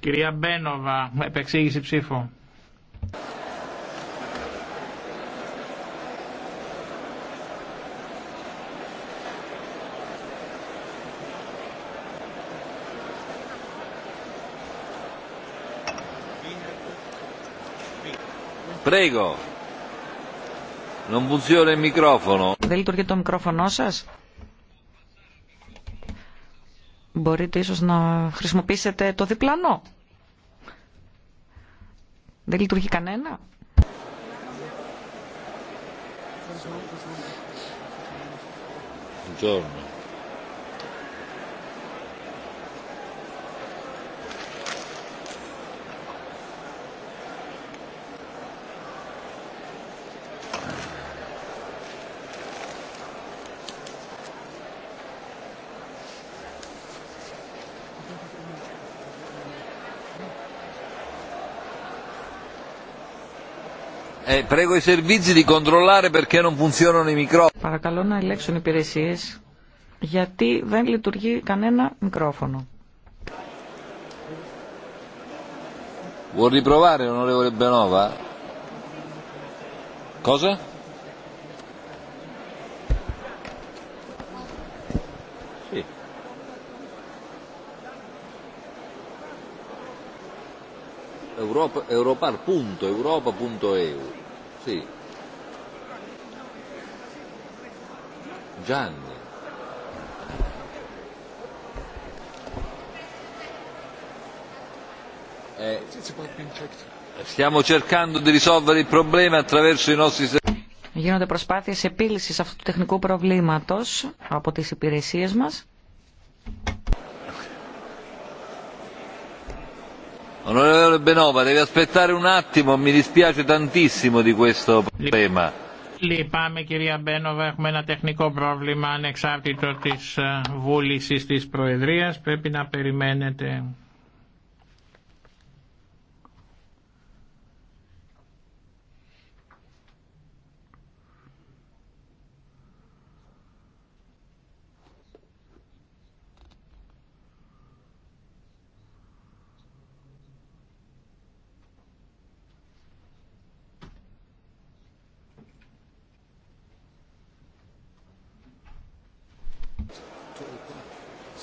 Κυρία Μπένοβα, επεξήγηση ψήφου. Prego. Δεν λειτουργεί το μικρόφωνο σας. Μπορείτε ίσως να χρησιμοποιήσετε το διπλανό. Δεν λειτουργεί κανένα. prego i servizi di controllare perché non funzionano i microfoni. Παρακαλώ να ελέγξουν οι υπηρεσίες γιατί δεν λειτουργεί κανένα μικρόφωνο. Vuol riprovare, onorevole Benova? Cosa? Sì. Europa, Sì. Gianni. Eh, stiamo cercando di risolvere il problema attraverso i nostri servizi. Γίνονται προσπάθειες επίλυσης αυτού του τεχνικού προβλήματος από τις υπηρεσίες μας. mi dispiace Λυπάμαι κυρία Μπένοβα, έχουμε ένα τεχνικό πρόβλημα ανεξάρτητο της ε, βούλησης της Προεδρίας, πρέπει να περιμένετε.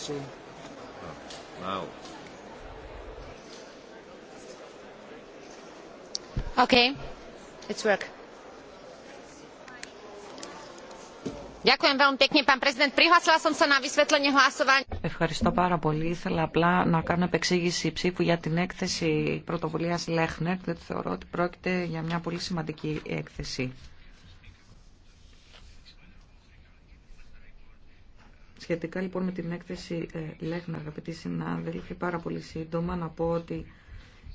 see. Wow. Okay, it's work. Ďakujem veľmi pekne, pán prezident. Prihlásila som sa na vysvetlenie hlasovania. Ευχαριστώ πάρα πολύ. Ήθελα απλά να κάνω επεξήγηση ψήφου για την έκθεση πρωτοβουλίας Λέχνερ, διότι θεωρώ ότι πρόκειται για μια πολύ σημαντική έκθεση. Σχετικά λοιπόν με την έκθεση ε, Λέχνα, αγαπητοί συνάδελφοι, πάρα πολύ σύντομα να πω ότι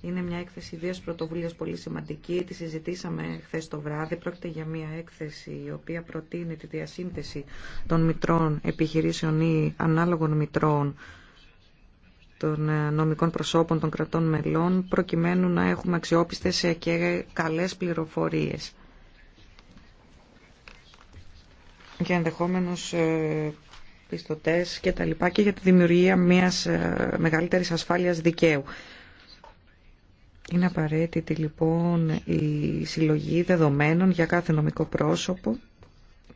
είναι μια έκθεση ιδίας πρωτοβουλία πολύ σημαντική. Τη συζητήσαμε χθε το βράδυ. Πρόκειται για μια έκθεση η οποία προτείνει τη διασύνθεση των μητρών επιχειρήσεων ή ανάλογων μητρών των ε, νομικών προσώπων των κρατών μελών προκειμένου να έχουμε αξιόπιστες ε, και καλές πληροφορίες και και τα λοιπά και για τη δημιουργία μιας ε, μεγαλύτερης ασφάλειας δικαίου. Είναι απαραίτητη λοιπόν η συλλογή δεδομένων για κάθε νομικό πρόσωπο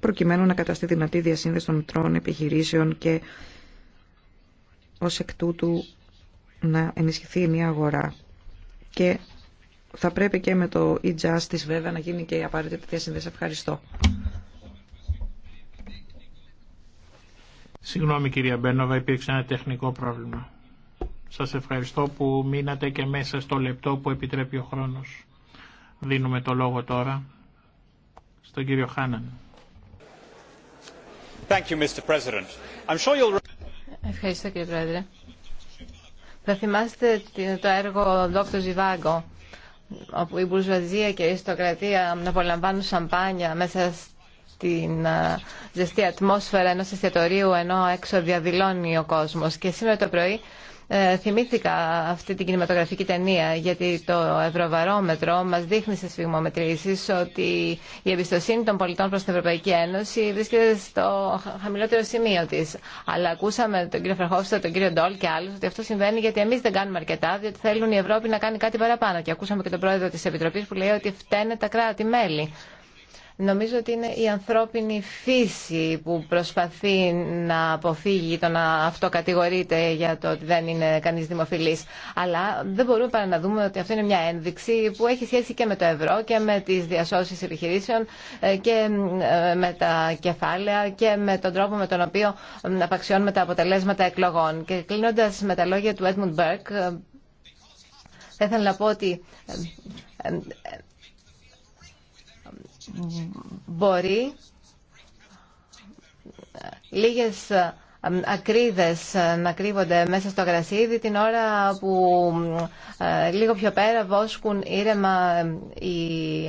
προκειμένου να καταστεί δυνατή διασύνδεση των μητρών επιχειρήσεων και ως εκ τούτου να ενισχυθεί η μια αγορά. Και θα πρέπει και με το e-justice βέβαια να γίνει και η απαραίτητη διασύνδεση. Ευχαριστώ. Συγγνώμη κυρία Μπένοβα, υπήρξε ένα τεχνικό πρόβλημα. Σας ευχαριστώ που μείνατε και μέσα στο λεπτό που επιτρέπει ο χρόνος. Δίνουμε το λόγο τώρα στον κύριο Χάναν. Ευχαριστώ κύριε Πρόεδρε. Θα θυμάστε το έργο Dr. Ζιβάγκο, όπου η μπουρζουαζία και η ιστοκρατία απολαμβάνουν σαμπάνια μέσα στην ζεστή ατμόσφαιρα ενός εστιατορίου ενώ έξω διαδηλώνει ο κόσμος. Και σήμερα το πρωί ε, θυμήθηκα αυτή την κινηματογραφική ταινία γιατί το Ευρωβαρόμετρο μας δείχνει σε σφιγμομετρήσεις ότι η εμπιστοσύνη των πολιτών προς την Ευρωπαϊκή Ένωση βρίσκεται στο χαμηλότερο σημείο της. Αλλά ακούσαμε τον κύριο Φερχόφστα, τον κύριο Ντόλ και άλλους ότι αυτό συμβαίνει γιατί εμείς δεν κάνουμε αρκετά διότι θέλουν η Ευρώπη να κάνει κάτι παραπάνω. Και ακούσαμε και τον πρόεδρο της Επιτροπής που λέει ότι φταίνε τα κράτη-μέλη. Νομίζω ότι είναι η ανθρώπινη φύση που προσπαθεί να αποφύγει το να αυτοκατηγορείται για το ότι δεν είναι κανείς δημοφιλής. Αλλά δεν μπορούμε παρά να δούμε ότι αυτό είναι μια ένδειξη που έχει σχέση και με το ευρώ και με τις διασώσεις επιχειρήσεων ε, και ε, με τα κεφάλαια και με τον τρόπο με τον οποίο ε, απαξιώνουμε τα αποτελέσματα εκλογών. Και κλείνοντας με τα λόγια του Edmund Burke, θα ήθελα να πω ότι μπορεί λίγες ε, ακρίδες ε, να κρύβονται μέσα στο γρασίδι την ώρα που ε, λίγο πιο πέρα βόσκουν ήρεμα οι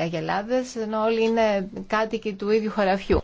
αγελάδες ενώ όλοι είναι κάτοικοι του ίδιου χωραφιού.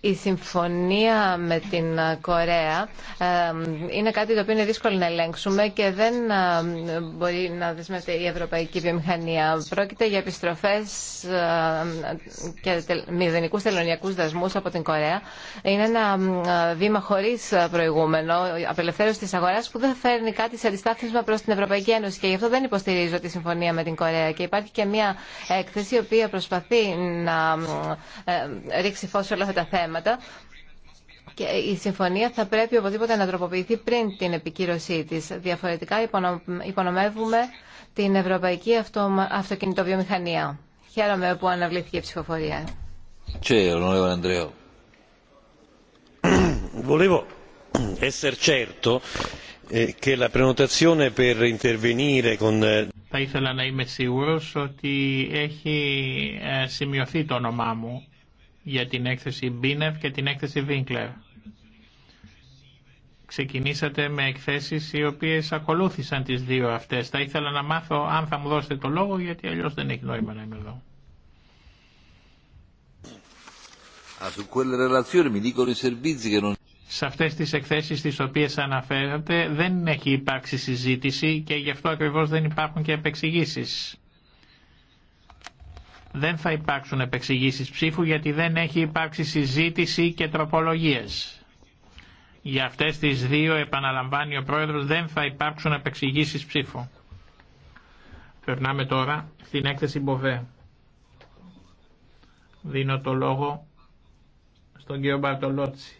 η συμφωνία με την Κορέα είναι κάτι το οποίο είναι δύσκολο να ελέγξουμε και δεν μπορεί να δεσμεύεται η ευρωπαϊκή βιομηχανία. Πρόκειται για επιστροφές και μηδενικούς τελωνιακούς δασμούς από την Κορέα. Είναι ένα βήμα χωρίς προηγούμενο, απελευθέρωση της αγοράς που δεν φέρνει κάτι σε αντιστάθμισμα προς την Ευρωπαϊκή Ένωση και γι' αυτό δεν υποστηρίζω τη συμφωνία με την Κορέα. Και υπάρχει και μια έκθεση η οποία προσπαθεί να ε, ρίξει φως σε όλα αυτά τα θέματα θέματα και η συμφωνία θα πρέπει οπωσδήποτε να τροποποιηθεί πριν την επικύρωσή της. Διαφορετικά υπονομεύουμε την ευρωπαϊκή αυτο... αυτοκινητοβιομηχανία. Χαίρομαι που αναβλήθηκε η ψηφοφορία. Volevo essere certo eh, che la prenotazione eh, θα ήθελα να είμαι σίγουρο, ότι έχει ε, σημειωθεί το όνομά μου για την έκθεση Μπίνευ και την έκθεση Βίνκλερ. Ξεκινήσατε με εκθέσεις οι οποίες ακολούθησαν τις δύο αυτές. Θα ήθελα να μάθω αν θα μου δώσετε το λόγο γιατί αλλιώς δεν έχει νόημα να είμαι εδώ. Σε αυτές τις εκθέσεις τις οποίες αναφέρατε δεν έχει υπάρξει συζήτηση και γι' αυτό ακριβώς δεν υπάρχουν και επεξηγήσεις. Δεν θα υπάρξουν επεξηγήσεις ψήφου γιατί δεν έχει υπάρξει συζήτηση και τροπολογίες. Για αυτές τις δύο, επαναλαμβάνει ο Πρόεδρος, δεν θα υπάρξουν επεξηγήσεις ψήφου. Περνάμε τώρα στην έκθεση Μποβέ. Δίνω το λόγο στον κύριο Μπαρτολότσι.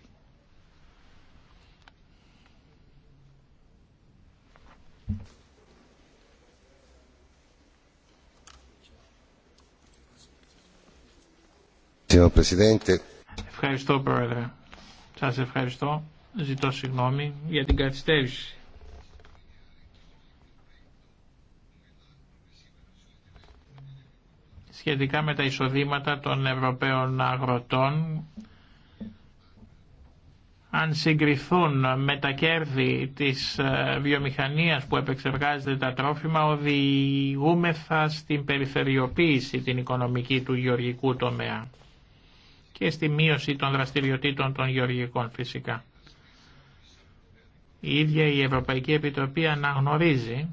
Ευχαριστώ, Πρόεδρε. Σας ευχαριστώ. Ζητώ συγγνώμη για την καθυστέρηση. Σχετικά με τα εισοδήματα των Ευρωπαίων αγροτών, αν συγκριθούν με τα κέρδη της ε, βιομηχανίας που επεξεργάζεται τα τρόφιμα, οδηγούμεθα στην περιφερειοποίηση την οικονομική του γεωργικού τομέα και στη μείωση των δραστηριοτήτων των γεωργικών φυσικά. Η ίδια η Ευρωπαϊκή Επιτροπή αναγνωρίζει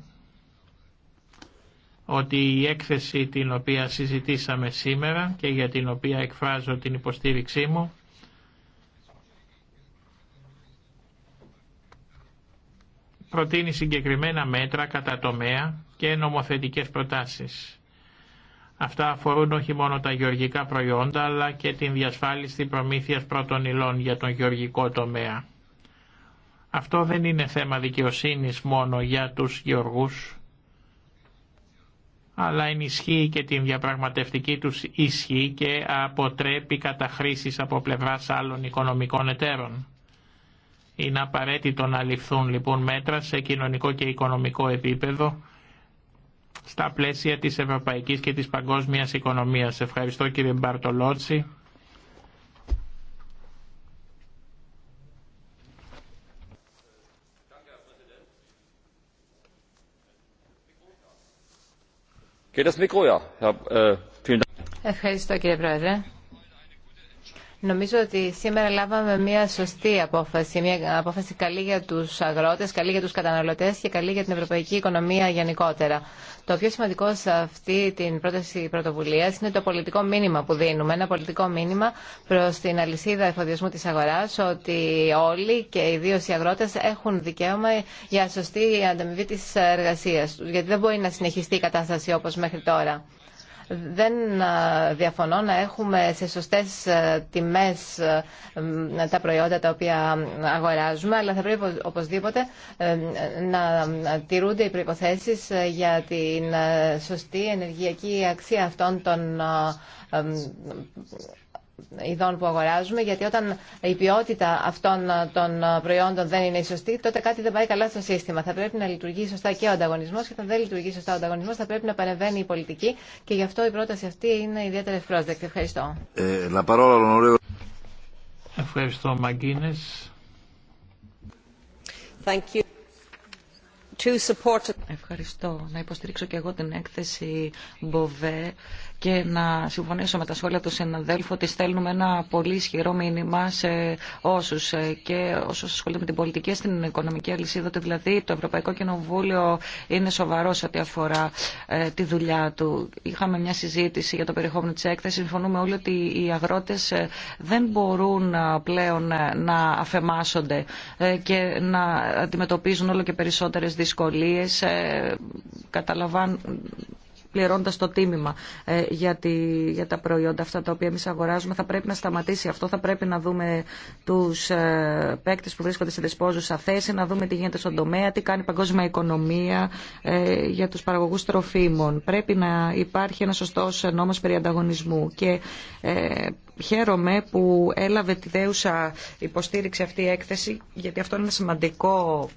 ότι η έκθεση την οποία συζητήσαμε σήμερα και για την οποία εκφράζω την υποστήριξή μου προτείνει συγκεκριμένα μέτρα κατά τομέα και νομοθετικές προτάσεις. Αυτά αφορούν όχι μόνο τα γεωργικά προϊόντα αλλά και την διασφάλιση προμήθειας πρώτων υλών για τον γεωργικό τομέα. Αυτό δεν είναι θέμα δικαιοσύνης μόνο για τους γεωργούς αλλά ενισχύει και την διαπραγματευτική τους ισχύ και αποτρέπει καταχρήσεις από πλευράς άλλων οικονομικών εταίρων. Είναι απαραίτητο να ληφθούν λοιπόν μέτρα σε κοινωνικό και οικονομικό επίπεδο στα πλαίσια της ευρωπαϊκής και της παγκόσμιας οικονομίας. Ευχαριστώ κύριε Μπαρτολότσι. Äh, Ευχαριστώ κύριε Πρόεδρε. Νομίζω ότι σήμερα λάβαμε μια σωστή απόφαση, μια απόφαση καλή για τους αγρότες, καλή για τους καταναλωτές και καλή για την ευρωπαϊκή οικονομία γενικότερα. Το πιο σημαντικό σε αυτή την πρόταση πρωτοβουλία είναι το πολιτικό μήνυμα που δίνουμε. Ένα πολιτικό μήνυμα προ την αλυσίδα εφοδιασμού τη αγορά ότι όλοι και ιδίω οι αγρότε έχουν δικαίωμα για σωστή ανταμοιβή τη εργασία του. Γιατί δεν μπορεί να συνεχιστεί η κατάσταση όπω μέχρι τώρα. Δεν διαφωνώ να έχουμε σε σωστές τιμές τα προϊόντα τα οποία αγοράζουμε, αλλά θα πρέπει οπωσδήποτε ε, να τηρούνται οι προϋποθέσεις ε, για την σωστή ενεργειακή αξία αυτών των ειδών που αγοράζουμε, γιατί όταν η ποιότητα αυτών των προϊόντων δεν είναι η σωστή, τότε κάτι δεν πάει καλά στο σύστημα. Θα πρέπει να λειτουργεί σωστά και ο ανταγωνισμό και όταν δεν λειτουργεί σωστά ο ανταγωνισμό, θα πρέπει να παρεμβαίνει η πολιτική και γι' αυτό η πρόταση αυτή είναι ιδιαίτερα ευπρόσδεκτη. Ευχαριστώ. Ε, Ευχαριστώ, Μαγκίνε. Ευχαριστώ. Να υποστηρίξω και εγώ την έκθεση Μποβέ και να συμφωνήσω με τα σχόλια του συναδέλφου ότι στέλνουμε ένα πολύ ισχυρό μήνυμα σε όσου ε, και όσου ασχολούνται με την πολιτική στην οικονομική αλυσίδα. Ότι δηλαδή το Ευρωπαϊκό Κοινοβούλιο είναι σοβαρό σε ό,τι αφορά ε, τη δουλειά του. Είχαμε μια συζήτηση για το περιεχόμενο τη έκθεση. Συμφωνούμε όλοι ότι οι αγρότε ε, δεν μπορούν πλέον να αφαιμάσονται και να αντιμετωπίζουν όλο και περισσότερε δυσκολίε. Καταλαβαίνουν πληρώνοντα το τίμημα ε, για, για τα προϊόντα αυτά τα οποία εμεί αγοράζουμε. Θα πρέπει να σταματήσει αυτό, θα πρέπει να δούμε τους ε, που βρίσκονται σε δεσπόζουσα θέση, να δούμε τι γίνεται στον τομέα, τι κάνει η παγκόσμια οικονομία ε, για τους παραγωγούς τροφίμων. Πρέπει να υπάρχει ένα σωστό νόμος περί ανταγωνισμού και ε, χαίρομαι που έλαβε τη δέουσα υποστήριξη αυτή η έκθεση γιατί αυτό είναι ένα σημαντικό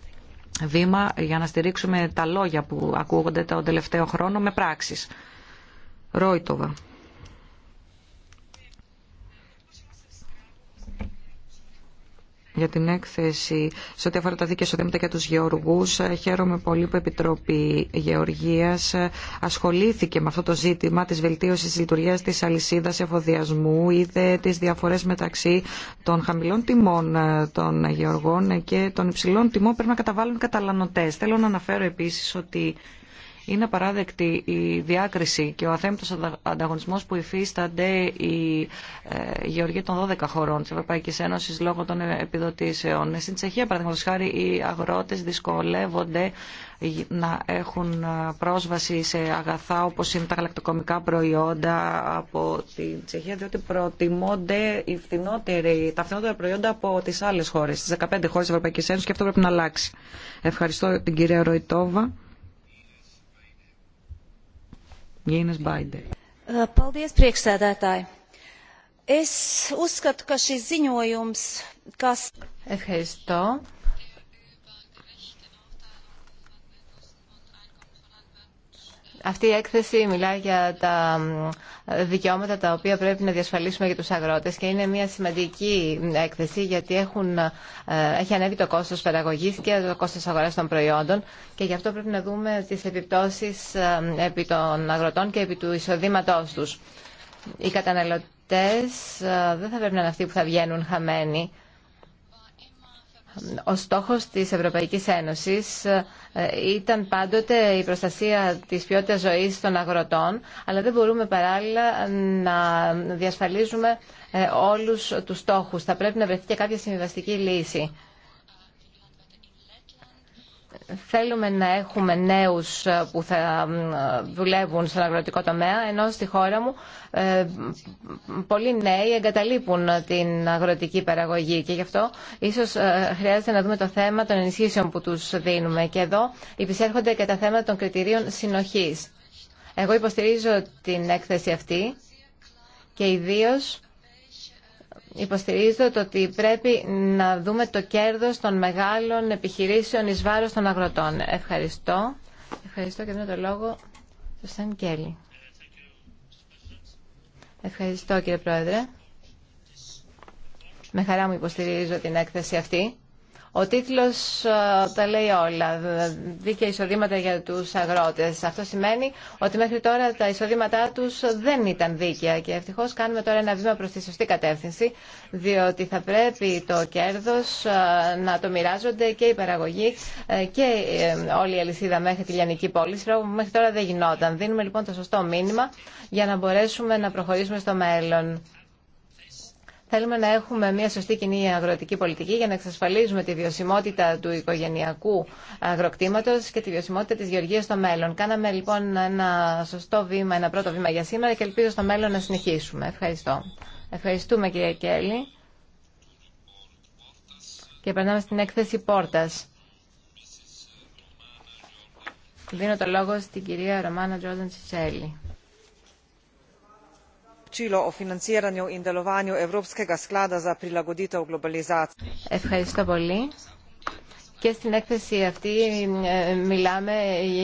βήμα για να στηρίξουμε τα λόγια που ακούγονται τον τελευταίο χρόνο με πράξεις. Ρόιτοβα. για την έκθεση σε ό,τι αφορά τα δίκαια εισοδήματα και τους γεωργούς. Χαίρομαι πολύ που η Επιτροπή Γεωργίας ασχολήθηκε με αυτό το ζήτημα της βελτίωσης της λειτουργίας της αλυσίδας εφοδιασμού, είδε τις διαφορές μεταξύ των χαμηλών τιμών ε, των γεωργών και των υψηλών τιμών πρέπει να καταβάλουν οι Θέλω να αναφέρω επίσης ότι είναι παράδεκτη η διάκριση και ο αθέμητος ανταγωνισμός που υφίστανται οι ε, γεωργοί των 12 χωρών της Ευρωπαϊκής Ένωσης λόγω των επιδοτήσεων. Στην Τσεχία, παραδείγματος χάρη, οι αγρότες δυσκολεύονται να έχουν πρόσβαση σε αγαθά όπως είναι τα γαλακτοκομικά προϊόντα από την Τσεχία διότι προτιμώνται οι τα φθηνότερα προϊόντα από τις άλλες χώρες, τις 15 χώρες της Ευρωπαϊκής Ένωσης και αυτό πρέπει να αλλάξει. Ευχαριστώ την κυρία Ροϊτόβα. Gīnas Baidē. Paldies, priekšsēdētāji. Es uzskatu, ka šis ziņojums, kas... Ευχαριστώ. Αυτή η έκθεση μιλά για τα δικαιώματα τα οποία πρέπει να διασφαλίσουμε για τους αγρότες και είναι μια σημαντική έκθεση γιατί έχουν, ε, έχει ανέβει το κόστος παραγωγής και το κόστος αγοράς των προϊόντων και γι' αυτό πρέπει να δούμε τις επιπτώσεις ε, επί των αγροτών και επί του εισοδήματός τους. Οι καταναλωτές ε, δεν θα πρέπει να είναι αυτοί που θα βγαίνουν χαμένοι. Ο στόχος της Ευρωπαϊκής Ένωσης ε, ήταν πάντοτε η προστασία της ποιότητας ζωής των αγροτών, αλλά δεν μπορούμε παράλληλα να διασφαλίζουμε ε, όλους τους στόχους. Θα πρέπει να βρεθεί και κάποια συμβιβαστική λύση. Θέλουμε να έχουμε νέους ε, που θα δουλεύουν στον αγροτικό τομέα, ενώ στη χώρα μου ε, πολλοί νέοι εγκαταλείπουν την αγροτική παραγωγή και γι' αυτό ίσως ε, χρειάζεται να δούμε το θέμα των ενισχύσεων που τους δίνουμε. Και εδώ υπησέρχονται και τα θέματα των κριτηρίων συνοχής. Εγώ υποστηρίζω την έκθεση αυτή και ιδίως Υποστηρίζω το ότι πρέπει να δούμε το κέρδος των μεγάλων επιχειρήσεων εις βάρος των αγροτών. Ευχαριστώ. Ευχαριστώ και δίνω το λόγο στο σαν Κέλλη. Ευχαριστώ κύριε Πρόεδρε. Με χαρά μου υποστηρίζω την έκθεση αυτή. Ο τίτλος ε, τα λέει όλα. Δίκαια εισοδήματα για τους αγρότες. Αυτό σημαίνει ότι μέχρι τώρα τα εισοδήματά τους δεν ήταν δίκαια και ευτυχώς κάνουμε τώρα ένα βήμα προς τη σωστή κατεύθυνση διότι θα πρέπει το κέρδος ε, να το μοιράζονται και η παραγωγή ε, και όλη η αλυσίδα μέχρι τη λιανική πόλη. πράγμα μέχρι τώρα δεν γινόταν. Δίνουμε λοιπόν το σωστό μήνυμα για να μπορέσουμε να προχωρήσουμε στο μέλλον. Θέλουμε να έχουμε μια σωστή κοινή αγροτική πολιτική για να εξασφαλίζουμε τη βιωσιμότητα του οικογενειακού αγροκτήματος και τη βιωσιμότητα της γεωργίας στο μέλλον. Κάναμε λοιπόν ένα σωστό βήμα, ένα πρώτο βήμα για σήμερα και ελπίζω στο μέλλον να συνεχίσουμε. Ευχαριστώ. Ευχαριστούμε κυρία Κέλλη. Και περνάμε στην έκθεση Πόρτα. Δίνω το λόγο στην κυρία Ρωμάνα Τζόρνταν Σιτσέλη poročilo o financiranju in delovanju Evropskega sklada za prilagoditev globalizaciji. Και στην έκθεση αυτή ε, μιλάμε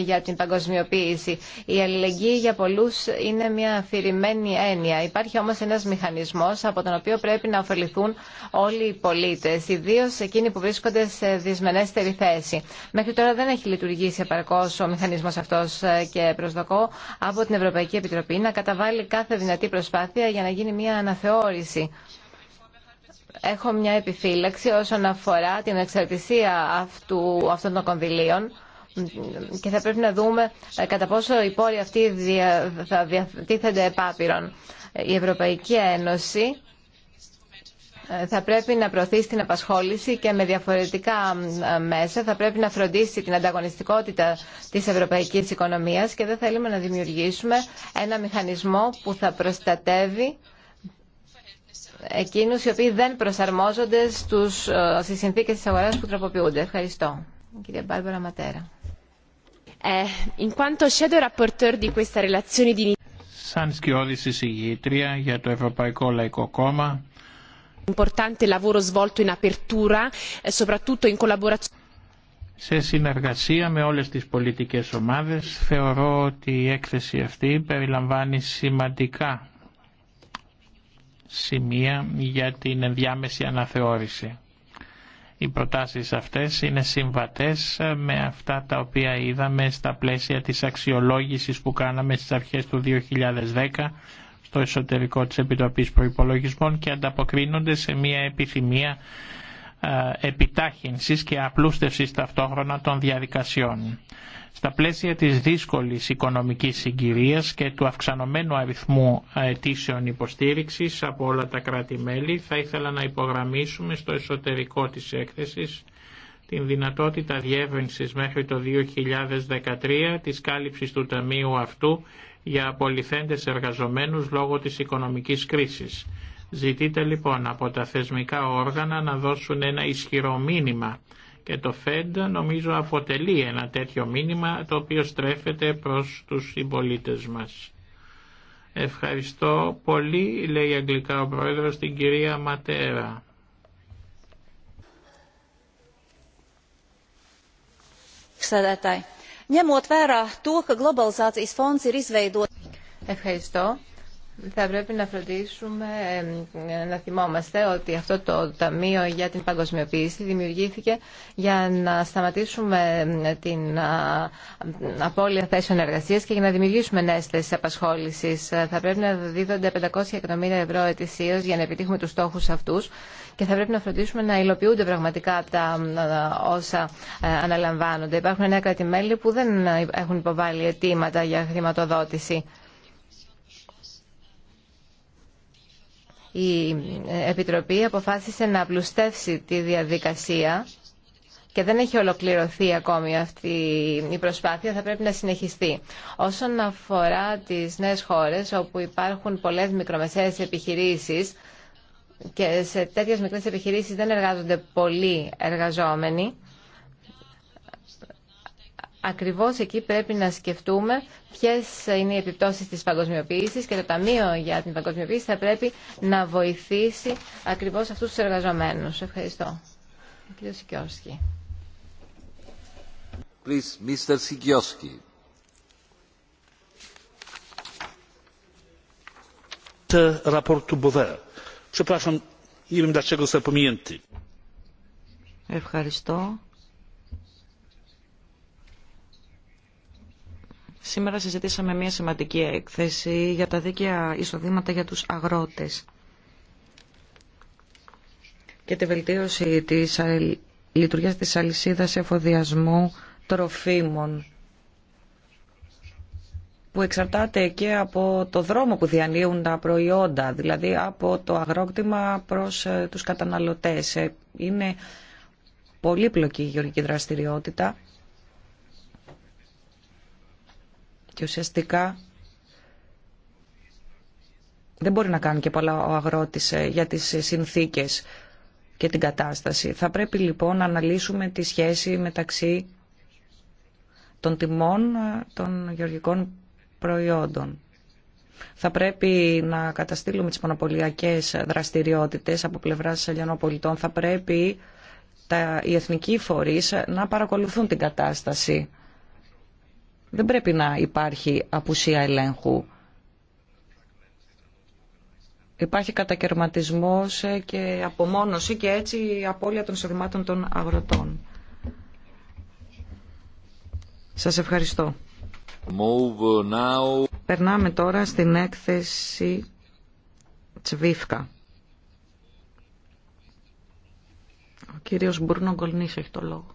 για την παγκοσμιοποίηση. Η αλληλεγγύη για πολλούς είναι μια αφηρημένη έννοια. Υπάρχει όμως ένας μηχανισμός από τον οποίο πρέπει να ωφεληθούν όλοι οι πολίτες, ιδίως εκείνοι που βρίσκονται σε δυσμενέστερη θέση. Μέχρι τώρα δεν έχει λειτουργήσει επαρκώς ο μηχανισμός αυτός ε, και προσδοκώ από την Ευρωπαϊκή Επιτροπή να καταβάλει κάθε δυνατή προσπάθεια για να γίνει μια αναθεώρηση έχω μια επιφύλαξη όσον αφορά την εξαρτησία αυτού, αυτών των κονδυλίων και θα πρέπει να δούμε ε, κατά πόσο οι πόροι αυτοί θα διατίθενται επάπειρον. Η Ευρωπαϊκή Ένωση ε, θα πρέπει να προωθήσει την απασχόληση και με διαφορετικά ε, μέσα θα πρέπει να φροντίσει την ανταγωνιστικότητα της ευρωπαϊκής οικονομίας και δεν θέλουμε να δημιουργήσουμε ένα μηχανισμό που θα προστατεύει εκείνου οι οποίοι δεν προσαρμόζονται στους, ε, στις συνθήκες της αγοράς που τροποποιούνται. Ευχαριστώ. Κυρία Μπάρμπαρα Ματέρα. Ε, Σαν σκιώδη συζητήτρια για το Ευρωπαϊκό Λαϊκό Κόμμα, importante lavoro svolto in apertura, e soprattutto in collaborazione σε συνεργασία με όλες τις πολιτικές ομάδες θεωρώ ότι η έκθεση αυτή περιλαμβάνει σημαντικά σημεία για την ενδιάμεση αναθεώρηση. Οι προτάσεις αυτές είναι συμβατές με αυτά τα οποία είδαμε στα πλαίσια της αξιολόγησης που κάναμε στις αρχές του 2010 στο εσωτερικό της Επιτροπής Προϋπολογισμών και ανταποκρίνονται σε μια επιθυμία ε, επιτάχυνσης και απλούστευσης ταυτόχρονα των διαδικασιών. Στα πλαίσια της δύσκολης οικονομικής συγκυρίας και του αυξανωμένου αριθμού αιτήσεων υποστήριξης από όλα τα κράτη-μέλη θα ήθελα να υπογραμμίσουμε στο εσωτερικό της έκθεσης την δυνατότητα διεύρυνσης μέχρι το 2013 της κάλυψης του ταμείου αυτού για απολυθέντες εργαζομένους λόγω της οικονομικής κρίσης. Ζητείτε λοιπόν από τα θεσμικά όργανα να δώσουν ένα ισχυρό μήνυμα και το ΦΕΔ νομίζω αποτελεί ένα τέτοιο μήνυμα το οποίο στρέφεται προς τους συμπολίτε μας. Ευχαριστώ πολύ, λέει αγγλικά ο Πρόεδρος, την κυρία Ματέρα. Ευχαριστώ θα πρέπει να φροντίσουμε να θυμόμαστε ότι αυτό το Ταμείο για την Παγκοσμιοποίηση δημιουργήθηκε για να σταματήσουμε την απώλεια θέσεων εργασία και για να δημιουργήσουμε νέε θέσει απασχόληση. Θα πρέπει να δίδονται 500 εκατομμύρια ευρώ ετησίω για να επιτύχουμε του στόχου αυτού και θα πρέπει να φροντίσουμε να υλοποιούνται πραγματικά τα όσα ε, αναλαμβάνονται. Υπάρχουν νέα κράτη-μέλη που δεν έχουν υποβάλει αιτήματα για χρηματοδότηση. η Επιτροπή αποφάσισε να απλουστεύσει τη διαδικασία και δεν έχει ολοκληρωθεί ακόμη αυτή η προσπάθεια, θα πρέπει να συνεχιστεί. Όσον αφορά τις νέες χώρες όπου υπάρχουν πολλές μικρομεσαίες επιχειρήσεις και σε τέτοιες μικρές επιχειρήσεις δεν εργάζονται πολλοί εργαζόμενοι, ακριβώς εκεί πρέπει να σκεφτούμε ποιες είναι οι επιπτώσεις της παγκοσμιοποίησης και το Ταμείο για την Παγκοσμιοποίηση θα πρέπει να βοηθήσει ακριβώς αυτούς τους εργαζομένους. Ευχαριστώ. Σικιώσκη. Ευχαριστώ. Σήμερα συζητήσαμε μια σημαντική έκθεση για τα δίκαια εισοδήματα για τους αγρότες και τη βελτίωση της λειτουργίας της αλυσίδας εφοδιασμού τροφίμων που εξαρτάται και από το δρόμο που διανύουν τα προϊόντα, δηλαδή από το αγρόκτημα προς ε, τους καταναλωτές. Ε, είναι πολύπλοκη η γεωργική δραστηριότητα Και ουσιαστικά δεν μπορεί να κάνει και πολλά ο αγρότης ε, για τις συνθήκες και την κατάσταση. Θα πρέπει λοιπόν να αναλύσουμε τη σχέση μεταξύ των τιμών ε, των γεωργικών προϊόντων. Θα πρέπει να καταστήλουμε τις μονοπωλιακές δραστηριότητες από πλευράς αλλιανοπολιτών. Θα πρέπει τα, οι εθνικοί φορείς να παρακολουθούν την κατάσταση. Δεν πρέπει να υπάρχει απουσία ελέγχου. Υπάρχει κατακαιρματισμός και απομόνωση και έτσι η απώλεια των εισοδημάτων των αγροτών. Σας ευχαριστώ. Περνάμε τώρα στην έκθεση Τσβίφκα. Ο κύριος Μπουρνογκολνής έχει το λόγο.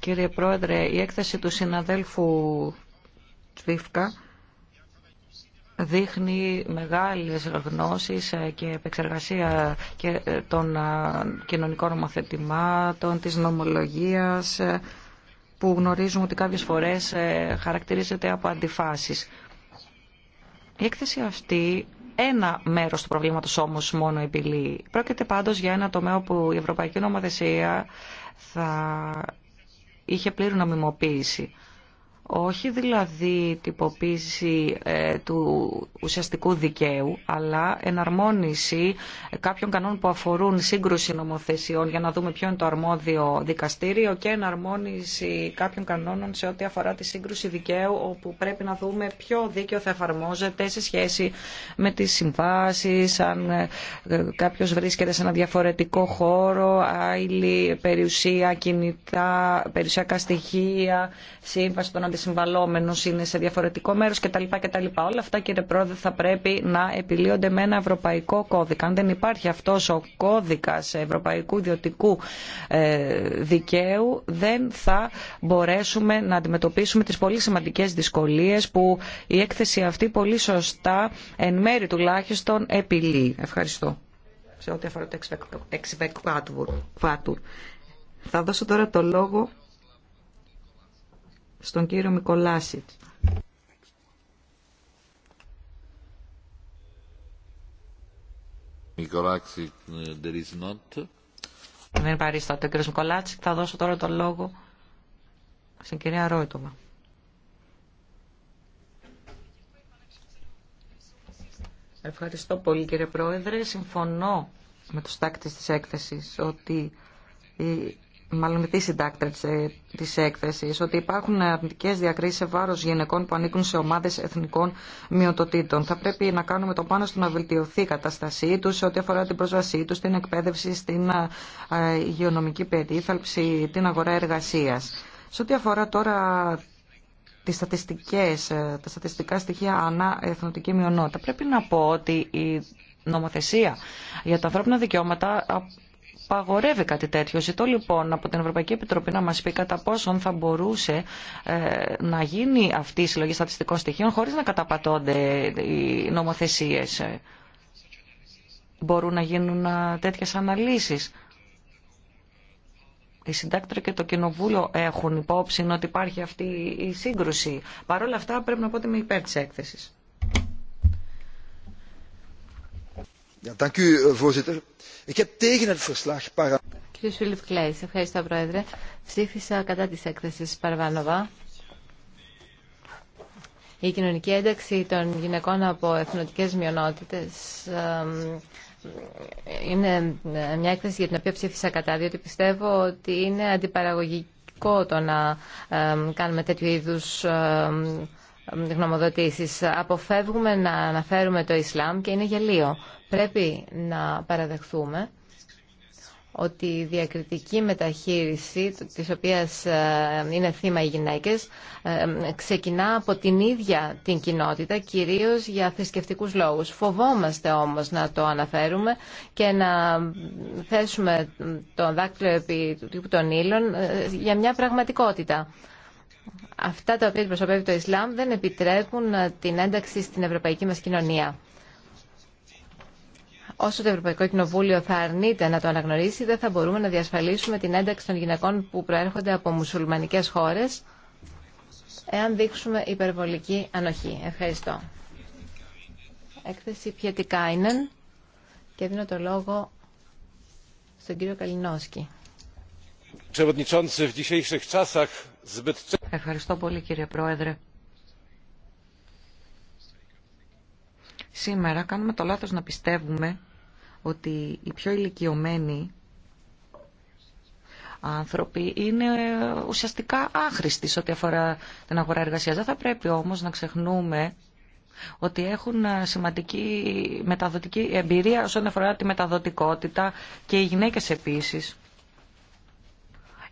Κύριε Πρόεδρε, η έκθεση του συναδέλφου Τσβίφκα δείχνει μεγάλες γνώσεις και επεξεργασία και ε, των κοινωνικών νομοθετημάτων, της νομολογίας, ε, που γνωρίζουμε ότι κάποιες φορές ε, χαρακτηρίζεται από αντιφάσεις. Η έκθεση αυτή ένα μέρος του προβλήματος όμως μόνο επιλύει. Πρόκειται πάντως για ένα τομέα που η Ευρωπαϊκή Νομοθεσία θα είχε πλήρη νομιμοποίηση όχι δηλαδή τυποποίηση ε, του ουσιαστικού δικαίου, αλλά εναρμόνιση κάποιων κανόνων που αφορούν σύγκρουση νομοθεσιών για να δούμε ποιο είναι το αρμόδιο δικαστήριο και εναρμόνιση κάποιων κανόνων σε ό,τι αφορά τη σύγκρουση δικαίου, όπου πρέπει να δούμε ποιο δίκαιο θα εφαρμόζεται σε σχέση με τις συμβάσει, αν ε, κάποιο βρίσκεται σε ένα διαφορετικό χώρο, άλλη περιουσία, κινητά, περιουσιακά στοιχεία, σύμβαση των συμβαλόμενο είναι σε διαφορετικό μέρος κτλ. Όλα αυτά κύριε Πρόεδρε θα πρέπει να επιλύονται με ένα ευρωπαϊκό κώδικα. Αν δεν υπάρχει αυτός ο κώδικας ευρωπαϊκού ιδιωτικού ε, δικαίου δεν θα μπορέσουμε να αντιμετωπίσουμε τις πολύ σημαντικέ δυσκολίε που η έκθεση αυτή πολύ σωστά εν μέρη τουλάχιστον επιλύει. Ευχαριστώ. Σε ό,τι αφορά το εξυπεκβάτουρ. Θα δώσω τώρα το λόγο στον κύριο Μικολάσιτ. There is not. Δεν παρίσταται ο Κύριος Μικολάσιτ. Θα δώσω τώρα το λόγο στην κυρία Ρόιτομα. Ευχαριστώ πολύ κύριε Πρόεδρε. Συμφωνώ με τους τάκτες της έκθεσης ότι μάλλον τη συντάκτρια τη ε, έκθεση, ότι υπάρχουν αρνητικέ διακρίσει σε βάρο γυναικών που ανήκουν σε ομάδε εθνικών μειωτοτήτων. Θα πρέπει να κάνουμε το πάνω στο να βελτιωθεί η κατάστασή του, σε ό,τι αφορά την πρόσβασή του, την εκπαίδευση, στην ε, υγειονομική περίθαλψη, την αγορά εργασία. Σε ό,τι αφορά τώρα τις στατιστικές, ε, τα στατιστικά στοιχεία ανά εθνοτική μειονότητα, πρέπει να πω ότι η νομοθεσία για τα ανθρώπινα δικαιώματα απαγορεύει κάτι τέτοιο. Ζητώ λοιπόν από την Ευρωπαϊκή Επιτροπή να μα πει κατά πόσον θα μπορούσε ε, να γίνει αυτή η συλλογή στατιστικών στοιχείων χωρί να καταπατώνται οι νομοθεσίε. Μπορούν να γίνουν ε, τέτοιε αναλύσει. Η συντάκτρια και το κοινοβούλιο έχουν υπόψη ότι υπάρχει αυτή η σύγκρουση. Παρ' όλα αυτά πρέπει να πω ότι είμαι υπέρ τη έκθεση. voorzitter. Κύριε Σούλιφ Κλέης, ευχαριστώ Πρόεδρε. Ψήφισα κατά της έκθεση, Παρβάνοβα. Η κοινωνική ένταξη των γυναικών από εθνοτικές μειονότητες είναι μια έκθεση για την οποία ψήφισα κατά, διότι πιστεύω ότι είναι αντιπαραγωγικό το να κάνουμε τέτοιου είδους γνωμοδοτήσεις. Αποφεύγουμε να αναφέρουμε το Ισλάμ και είναι γελίο. Πρέπει να παραδεχθούμε ότι η διακριτική μεταχείριση της οποίας ε, είναι θύμα οι γυναίκες ε, ξεκινά από την ίδια την κοινότητα κυρίως για θρησκευτικού λόγους. Φοβόμαστε όμως να το αναφέρουμε και να θέσουμε το δάκτυλο επί του τύπου των ήλων ε, για μια πραγματικότητα αυτά τα οποία προσωπεύει το Ισλάμ δεν επιτρέπουν ε, την ένταξη στην ευρωπαϊκή μας κοινωνία. Όσο το Ευρωπαϊκό Κοινοβούλιο θα αρνείται να το αναγνωρίσει, δεν θα μπορούμε να διασφαλίσουμε την ένταξη των γυναικών που προέρχονται από μουσουλμανικές χώρες, εάν δείξουμε υπερβολική ανοχή. Ευχαριστώ. Έκθεση Πιετικάινεν και δίνω το λόγο στον κύριο Καλινόσκι. Ευχαριστώ πολύ κύριε Πρόεδρε. Σήμερα κάνουμε το λάθος να πιστεύουμε ότι οι πιο ηλικιωμένοι άνθρωποι είναι ουσιαστικά άχρηστοι σε ό,τι αφορά την αγορά εργασίας. Δεν θα πρέπει όμως να ξεχνούμε ότι έχουν σημαντική μεταδοτική εμπειρία όσον αφορά τη μεταδοτικότητα και οι γυναίκες επίσης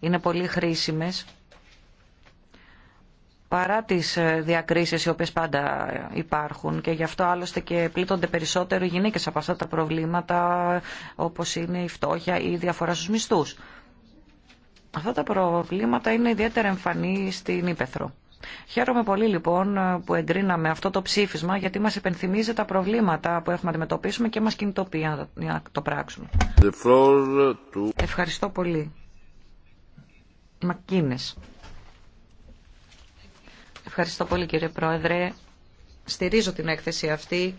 είναι πολύ χρήσιμες παρά τις ε, διακρίσεις οι οποίες πάντα υπάρχουν και γι' αυτό άλλωστε και πλήττονται περισσότερο οι γυναίκες από αυτά τα προβλήματα όπως είναι η φτώχεια ή η διαφορά στους μισθούς. Αυτά τα προβλήματα είναι ιδιαίτερα εμφανή στην Ήπεθρο. Χαίρομαι πολύ λοιπόν ε, που εγκρίναμε αυτό το ψήφισμα γιατί μας επενθυμίζει τα προβλήματα που έχουμε να αντιμετωπίσουμε και μας κινητοποιεί να το πράξουμε. Ευχαριστώ πολύ. Μακκίνες. Ευχαριστώ πολύ κύριε Πρόεδρε. Στηρίζω την έκθεση αυτή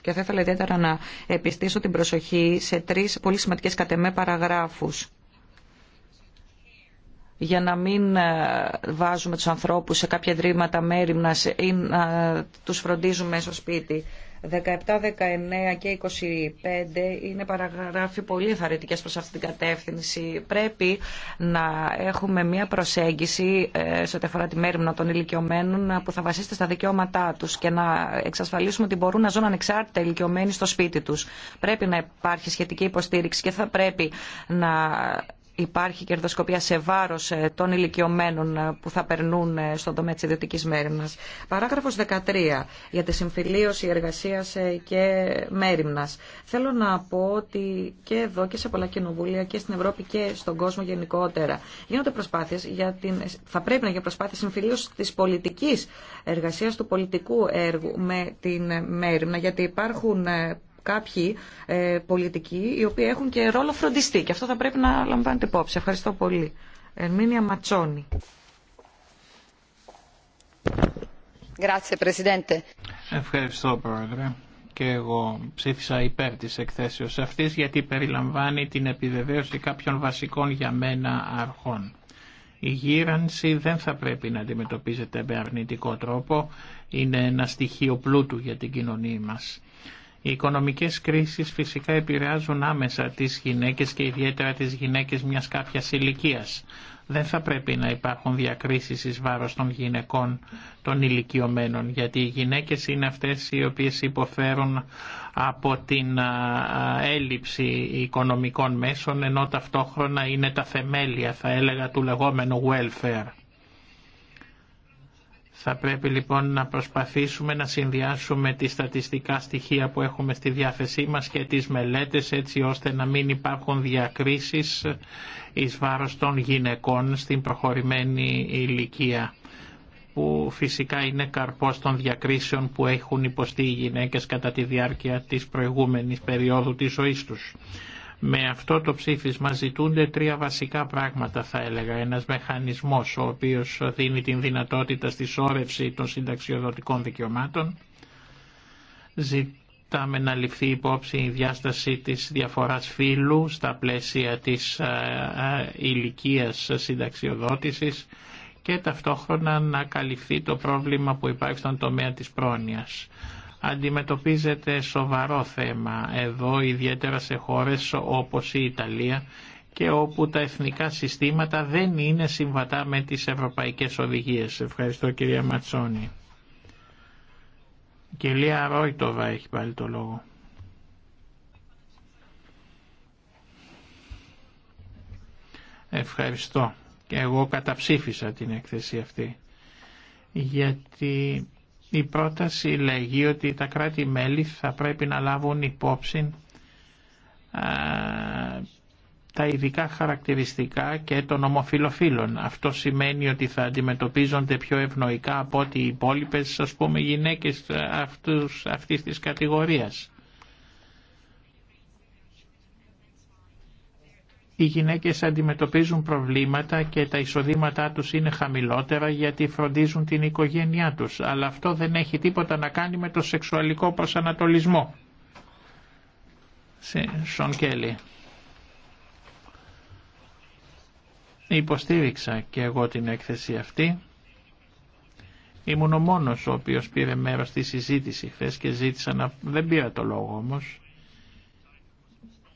και θα ήθελα ιδιαίτερα να επιστήσω την προσοχή σε τρεις πολύ σημαντικές κατεμέ παραγράφους για να μην ε, βάζουμε τους ανθρώπους σε κάποια ιδρύματα μέρη ή να τους φροντίζουμε στο σπίτι. 17, 19 και 25 είναι παραγράφοι πολύ ενθαρρυντικές προς αυτή την κατεύθυνση. Πρέπει να έχουμε μια προσέγγιση ε, σε ό,τι αφορά τη μέρημνα των ηλικιωμένων που θα βασίζεται στα δικαιώματά τους και να εξασφαλίσουμε ότι μπορούν να ζουν ανεξάρτητα ηλικιωμένοι στο σπίτι τους. Πρέπει να υπάρχει σχετική υποστήριξη και θα πρέπει να υπάρχει κερδοσκοπία σε βάρο ε, των ηλικιωμένων ε, που θα περνούν ε, στον τομέα τη ιδιωτική μέρημνα. Παράγραφο 13 για τη συμφιλίωση εργασία και μέρημνα. Θέλω να πω ότι και εδώ και σε πολλά κοινοβούλια και στην Ευρώπη και στον κόσμο γενικότερα γίνονται προσπάθειε για την. θα πρέπει να γίνουν προσπάθειες συμφιλίωση τη πολιτική εργασία, του πολιτικού έργου με την μέρημνα, γιατί υπάρχουν κάποιοι ε, πολιτικοί οι οποίοι έχουν και ρόλο φροντιστή και αυτό θα πρέπει να λαμβάνετε υπόψη. Ευχαριστώ πολύ. Ερμήνια Ματσόνη. Ευχαριστώ Πρόεδρε και εγώ ψήφισα υπέρ της εκθέσεως αυτής γιατί περιλαμβάνει την επιβεβαίωση κάποιων βασικών για μένα αρχών. Η γύρανση δεν θα πρέπει να αντιμετωπίζεται με αρνητικό τρόπο, είναι ένα στοιχείο πλούτου για την κοινωνία μας. Οι οικονομικές κρίσεις φυσικά επηρεάζουν άμεσα τις γυναίκες και ιδιαίτερα τις γυναίκες μιας κάποιας ηλικίας. Δεν θα πρέπει να υπάρχουν διακρίσεις εις βάρος των γυναικών των ηλικιωμένων, γιατί οι γυναίκες είναι αυτές οι οποίες υποφέρουν από την έλλειψη οικονομικών μέσων, ενώ ταυτόχρονα είναι τα θεμέλια, θα έλεγα, του λεγόμενου welfare. Θα πρέπει λοιπόν να προσπαθήσουμε να συνδυάσουμε τις στατιστικά στοιχεία που έχουμε στη διάθεσή μας και τις μελέτες έτσι ώστε να μην υπάρχουν διακρίσεις εις βάρος των γυναικών στην προχωρημένη ηλικία που φυσικά είναι καρπός των διακρίσεων που έχουν υποστεί οι γυναίκες κατά τη διάρκεια της προηγούμενης περίοδου της ζωής τους. Με αυτό το ψήφισμα ζητούνται τρία βασικά πράγματα θα έλεγα. Ένας μεχανισμός ο οποίος δίνει την δυνατότητα στη σώρευση των συνταξιοδοτικών δικαιωμάτων. Ζητάμε να ληφθεί υπόψη η διάσταση της διαφοράς φύλου στα πλαίσια της ε, ε, ηλικίας συνταξιοδότησης και ταυτόχρονα να καλυφθεί το πρόβλημα που υπάρχει στον τομέα της πρόνοιας αντιμετωπίζεται σοβαρό θέμα εδώ ιδιαίτερα σε χώρες όπως η Ιταλία και όπου τα εθνικά συστήματα δεν είναι συμβατά με τις ευρωπαϊκές οδηγίες. Ευχαριστώ κυρία Ματσόνη. Και Λία Ρόιτοβα έχει πάλι το λόγο. Ευχαριστώ. Και εγώ καταψήφισα την έκθεση αυτή. Γιατί η πρόταση λέγει ότι τα κράτη-μέλη θα πρέπει να λάβουν υπόψη τα ειδικά χαρακτηριστικά και των ομοφιλοφίλων. Αυτό σημαίνει ότι θα αντιμετωπίζονται πιο ευνοϊκά από ό,τι οι υπόλοιπε ας πούμε γυναίκες αυτούς, αυτής της κατηγορίας. οι γυναίκες αντιμετωπίζουν προβλήματα και τα εισοδήματά τους είναι χαμηλότερα γιατί φροντίζουν την οικογένειά τους. Αλλά αυτό δεν έχει τίποτα να κάνει με το σεξουαλικό προσανατολισμό. Σον Κέλλη. Υποστήριξα και εγώ την έκθεση αυτή. Ήμουν ο μόνος ο οποίος πήρε μέρος στη συζήτηση χθε και ζήτησα να... Δεν πήρα το λόγο όμως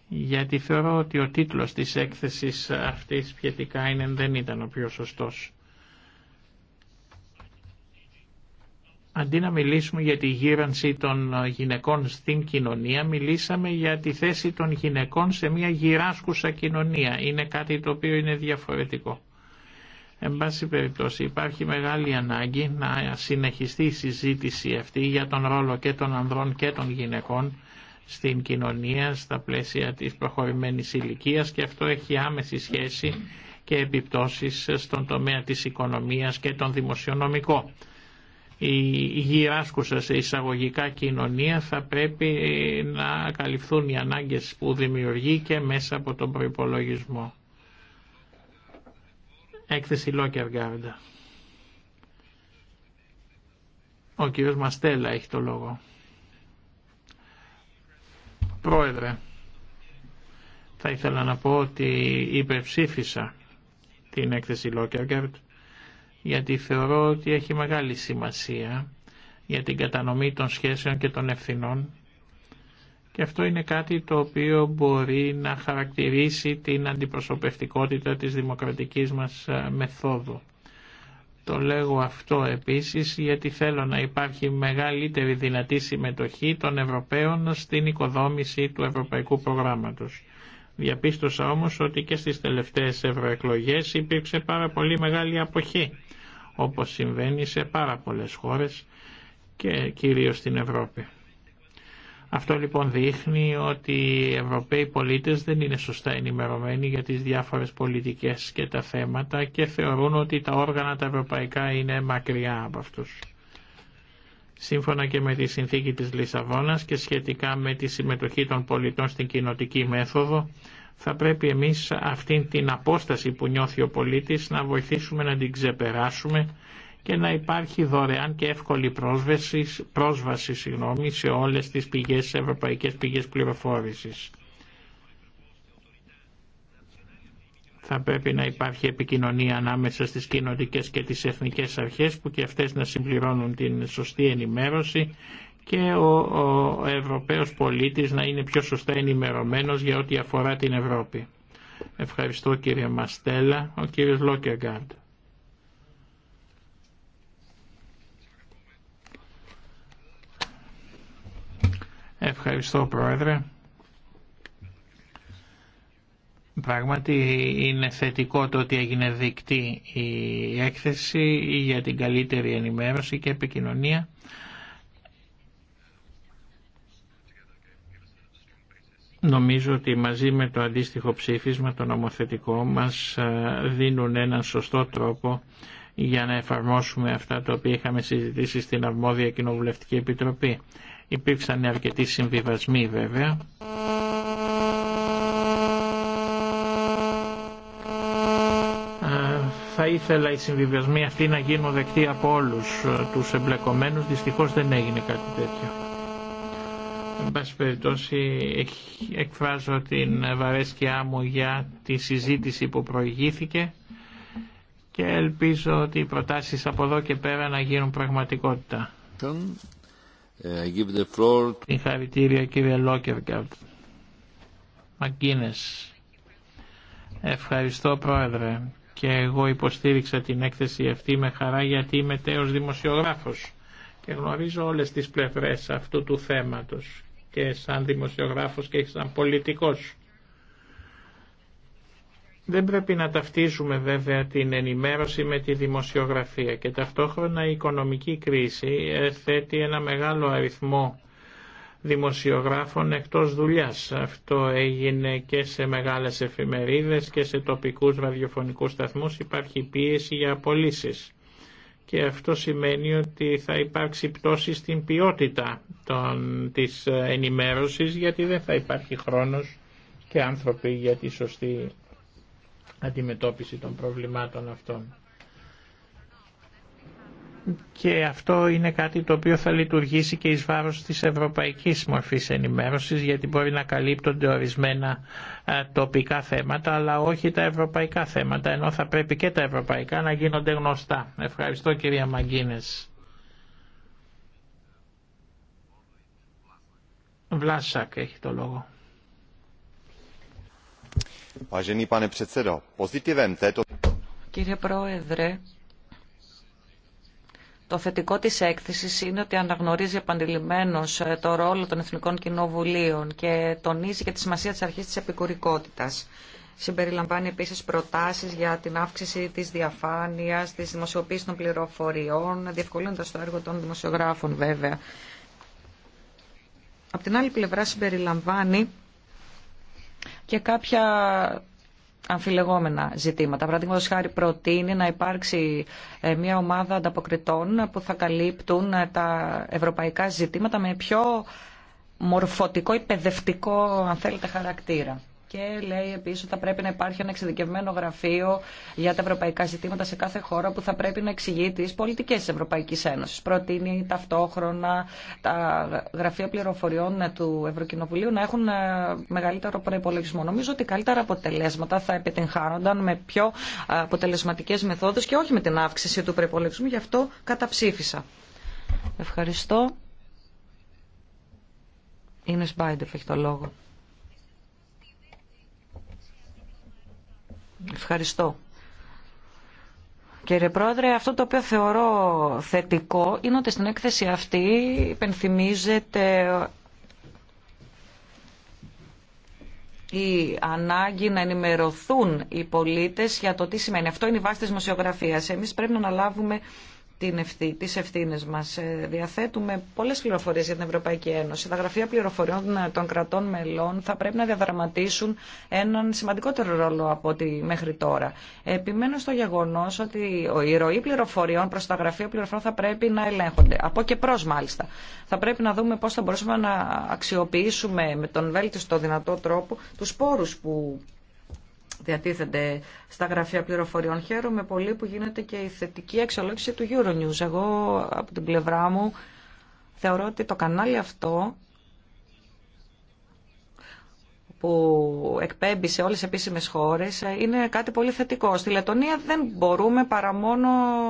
γιατί θεωρώ ότι ο τίτλος της έκθεσης αυτής πιετικά είναι δεν ήταν ο πιο σωστός. Αντί να μιλήσουμε για τη γύρανση των γυναικών στην κοινωνία, μιλήσαμε για τη θέση των γυναικών σε μια γυράσκουσα κοινωνία. Είναι κάτι το οποίο είναι διαφορετικό. Εν πάση περιπτώσει υπάρχει μεγάλη ανάγκη να συνεχιστεί η συζήτηση αυτή για τον ρόλο και των ανδρών και των γυναικών στην κοινωνία στα πλαίσια της προχωρημένης ηλικία και αυτό έχει άμεση σχέση και επιπτώσεις στον τομέα της οικονομίας και τον δημοσιονομικό. Η γυράσκουσα σε εισαγωγικά κοινωνία θα πρέπει να καλυφθούν οι ανάγκες που δημιουργεί και μέσα από τον προϋπολογισμό. Έκθεση Λόκερ Γκάρντα. Ο κύριος Μαστέλα έχει το λόγο. Πρόεδρε, θα ήθελα να πω ότι υπερψήφισα την έκθεση Λόκεργαρτ γιατί θεωρώ ότι έχει μεγάλη σημασία για την κατανομή των σχέσεων και των ευθυνών και αυτό είναι κάτι το οποίο μπορεί να χαρακτηρίσει την αντιπροσωπευτικότητα της δημοκρατικής μας ε, μεθόδου. Το λέγω αυτό επίσης γιατί θέλω να υπάρχει μεγαλύτερη δυνατή συμμετοχή των Ευρωπαίων στην οικοδόμηση του Ευρωπαϊκού Προγράμματος. Διαπίστωσα όμως ότι και στις τελευταίες ευρωεκλογές υπήρξε πάρα πολύ μεγάλη αποχή, όπως συμβαίνει σε πάρα πολλές χώρες και κυρίως στην Ευρώπη. Αυτό λοιπόν δείχνει ότι οι Ευρωπαίοι πολίτες δεν είναι σωστά ενημερωμένοι για τις διάφορες πολιτικές και τα θέματα και θεωρούν ότι τα όργανα τα ευρωπαϊκά είναι μακριά από αυτούς. Σύμφωνα και με τη συνθήκη της Λισαβόνας και σχετικά με τη συμμετοχή των πολιτών στην κοινοτική μέθοδο, θα πρέπει εμείς αυτήν την απόσταση που νιώθει ο πολίτης να βοηθήσουμε να την ξεπεράσουμε και να υπάρχει δωρεάν και εύκολη πρόσβαση, πρόσβαση σε όλες τις πηγές, ευρωπαϊκές πηγές πληροφόρησης. θα πρέπει να υπάρχει επικοινωνία ανάμεσα στις κοινωνικές και τις εθνικές αρχές που και αυτές να συμπληρώνουν την σωστή ενημέρωση και ο, ο Ευρωπαίος πολίτης να είναι πιο σωστά ενημερωμένος για ό,τι αφορά την Ευρώπη. Ευχαριστώ κύριε Μαστέλα. Ο κύριος Λόκεγκάρντ. Ευχαριστώ Πρόεδρε. Πράγματι είναι θετικό το ότι έγινε δεικτή η έκθεση για την καλύτερη ενημέρωση και επικοινωνία. Νομίζω ότι μαζί με το αντίστοιχο ψήφισμα το νομοθετικό μας ε, δίνουν έναν σωστό τρόπο για να εφαρμόσουμε αυτά τα οποία είχαμε συζητήσει στην Αρμόδια Κοινοβουλευτική Επιτροπή. Υπήρξαν αρκετοί συμβιβασμοί βέβαια. Ε, θα ήθελα οι συμβιβασμοί αυτοί να γίνουν δεκτοί από όλους ε, τους εμπλεκομένους. Δυστυχώς δεν έγινε κάτι τέτοιο. Εν πάση περιπτώσει εκφράζω την βαρέσκειά μου για τη συζήτηση που προηγήθηκε και ελπίζω ότι οι προτάσεις από εδώ και πέρα να γίνουν πραγματικότητα. Ε, I give κύριε Λόκερκαρτ. Ευχαριστώ πρόεδρε. Και εγώ υποστήριξα την έκθεση αυτή με χαρά γιατί είμαι τέος δημοσιογράφος και γνωρίζω όλες τις πλευρές αυτού του θέματος και σαν δημοσιογράφος και σαν πολιτικός. Δεν πρέπει να ταυτίζουμε βέβαια την ενημέρωση με τη δημοσιογραφία και ταυτόχρονα η οικονομική κρίση ε, θέτει ένα μεγάλο αριθμό δημοσιογράφων εκτός δουλειάς. Αυτό έγινε και σε μεγάλες εφημερίδες και σε τοπικούς ραδιοφωνικούς σταθμούς υπάρχει πίεση για απολύσεις. Και αυτό σημαίνει ότι θα υπάρξει πτώση στην ποιότητα των, της ενημέρωσης γιατί δεν θα υπάρχει χρόνος και άνθρωποι για τη σωστή αντιμετώπιση των προβλημάτων αυτών. Και αυτό είναι κάτι το οποίο θα λειτουργήσει και εις βάρος της ευρωπαϊκής μορφής ενημέρωσης γιατί μπορεί να καλύπτονται ορισμένα τοπικά θέματα αλλά όχι τα ευρωπαϊκά θέματα ενώ θα πρέπει και τα ευρωπαϊκά να γίνονται γνωστά. Ευχαριστώ κυρία Μαγκίνες. Βλάσσακ έχει το λόγο. Κύριε Πρόεδρε, το θετικό της έκθεσης είναι ότι αναγνωρίζει επανειλημμένως ε, το ρόλο των Εθνικών Κοινοβουλίων και τονίζει και τη σημασία της αρχής της επικουρικότητας. Συμπεριλαμβάνει επίσης προτάσεις για την αύξηση της διαφάνειας, της δημοσιοποίησης των πληροφοριών, διευκολύνοντας το έργο των δημοσιογράφων βέβαια. Απ' την άλλη πλευρά συμπεριλαμβάνει και κάποια αμφιλεγόμενα ζητήματα. Παραδείγματο χάρη προτείνει να υπάρξει ε, μια ομάδα ανταποκριτών που θα καλύπτουν ε, τα ευρωπαϊκά ζητήματα με πιο μορφωτικό ή παιδευτικό, αν θέλετε, χαρακτήρα και λέει επίση ότι θα πρέπει να υπάρχει ένα εξειδικευμένο γραφείο για τα ευρωπαϊκά ζητήματα σε κάθε χώρα που θα πρέπει να εξηγεί τι πολιτικέ τη Ευρωπαϊκή Ένωση. Προτείνει ταυτόχρονα τα γραφεία πληροφοριών του Ευρωκοινοβουλίου να έχουν ε, μεγαλύτερο προπολογισμό. Νομίζω ότι καλύτερα αποτελέσματα θα επιτυγχάνονταν με πιο αποτελεσματικέ μεθόδου και όχι με την αύξηση του προπολογισμού. Γι' αυτό καταψήφισα. Ευχαριστώ. Είναι Σπάιντεφ, έχει το λόγο. Ευχαριστώ. Κύριε Πρόεδρε, αυτό το οποίο θεωρώ θετικό είναι ότι στην έκθεση αυτή υπενθυμίζεται η ανάγκη να ενημερωθούν οι πολίτες για το τι σημαίνει. Αυτό είναι η βάση της Εμείς πρέπει να αναλάβουμε την ευθύ, τις ευθύνες μας. Ε, διαθέτουμε πολλές πληροφορίες για την Ευρωπαϊκή Ένωση. Τα γραφεία πληροφοριών ε, των κρατών μελών θα πρέπει να διαδραματίσουν έναν σημαντικότερο ρόλο από ό,τι μέχρι τώρα. Επιμένω στο γεγονός ότι η ροή πληροφοριών προς τα γραφεία πληροφοριών θα πρέπει να ελέγχονται. Από και προς μάλιστα. Θα πρέπει να δούμε πώς θα μπορούσαμε να αξιοποιήσουμε με τον βέλτιστο δυνατό τρόπο τους πόρους που διατίθενται στα γραφεία πληροφοριών. Χαίρομαι πολύ που γίνεται και η θετική αξιολόγηση του Euronews. Εγώ από την πλευρά μου θεωρώ ότι το κανάλι αυτό που εκπέμπει σε όλες τις επίσημες χώρες είναι κάτι πολύ θετικό. Στη Λετωνία δεν μπορούμε παρά μόνο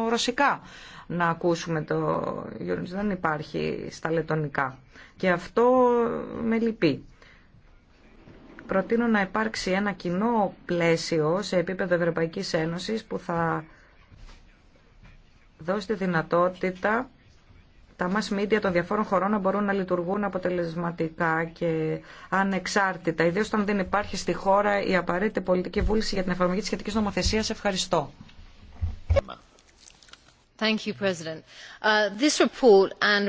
ρωσικά να ακούσουμε το Euronews. Δεν υπάρχει στα λετωνικά. Και αυτό με λυπεί προτείνω να υπάρξει ένα κοινό πλαίσιο σε επίπεδο Ευρωπαϊκής Ένωσης που θα δώσει τη δυνατότητα τα mass media των διαφόρων χωρών να μπορούν να λειτουργούν αποτελεσματικά και ανεξάρτητα, ιδίω όταν δεν υπάρχει στη χώρα η απαραίτητη πολιτική βούληση για την εφαρμογή τη σχετική νομοθεσία. Ευχαριστώ. Thank you, President. Uh, this report and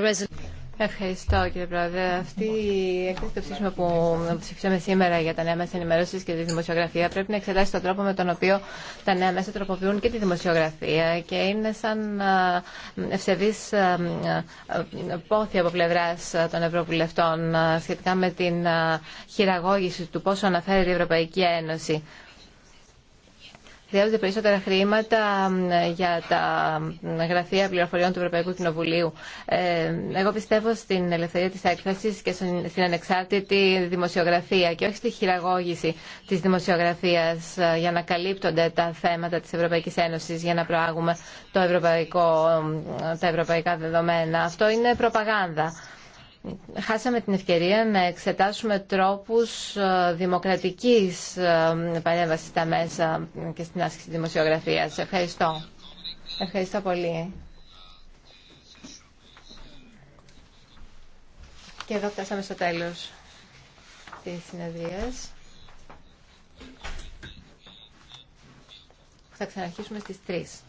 Ευχαριστώ κύριε Πρόεδρε. Αυτή η έκθεση που ψηφίσαμε σήμερα για τα νέα μέσα ενημέρωση και τη δημοσιογραφία πρέπει να εξετάσει τον τρόπο με τον οποίο τα νέα μέσα τροποποιούν και τη δημοσιογραφία και είναι σαν ευσεβή πόθη από πλευρά των Ευρωβουλευτών σχετικά με την χειραγώγηση του πόσο αναφέρει η Ευρωπαϊκή Ένωση. Χρειάζονται περισσότερα χρήματα για τα γραφεία πληροφοριών του Ευρωπαϊκού Κοινοβουλίου. Ε, εγώ πιστεύω στην ελευθερία της έκφρασης και στην ανεξάρτητη δημοσιογραφία και όχι στη χειραγώγηση της δημοσιογραφίας ε, για να καλύπτονται τα θέματα της Ευρωπαϊκής Ένωσης για να προάγουμε το ευρωπαϊκό, τα ευρωπαϊκά δεδομένα. Αυτό είναι προπαγάνδα χάσαμε την ευκαιρία να εξετάσουμε τρόπους ε, δημοκρατικής ε, παρέμβασης στα μέσα και στην άσκηση δημοσιογραφίας. Ευχαριστώ. Ευχαριστώ πολύ. Και εδώ φτάσαμε στο τέλος της συνεδρίας. Θα ξαναρχίσουμε στις 3.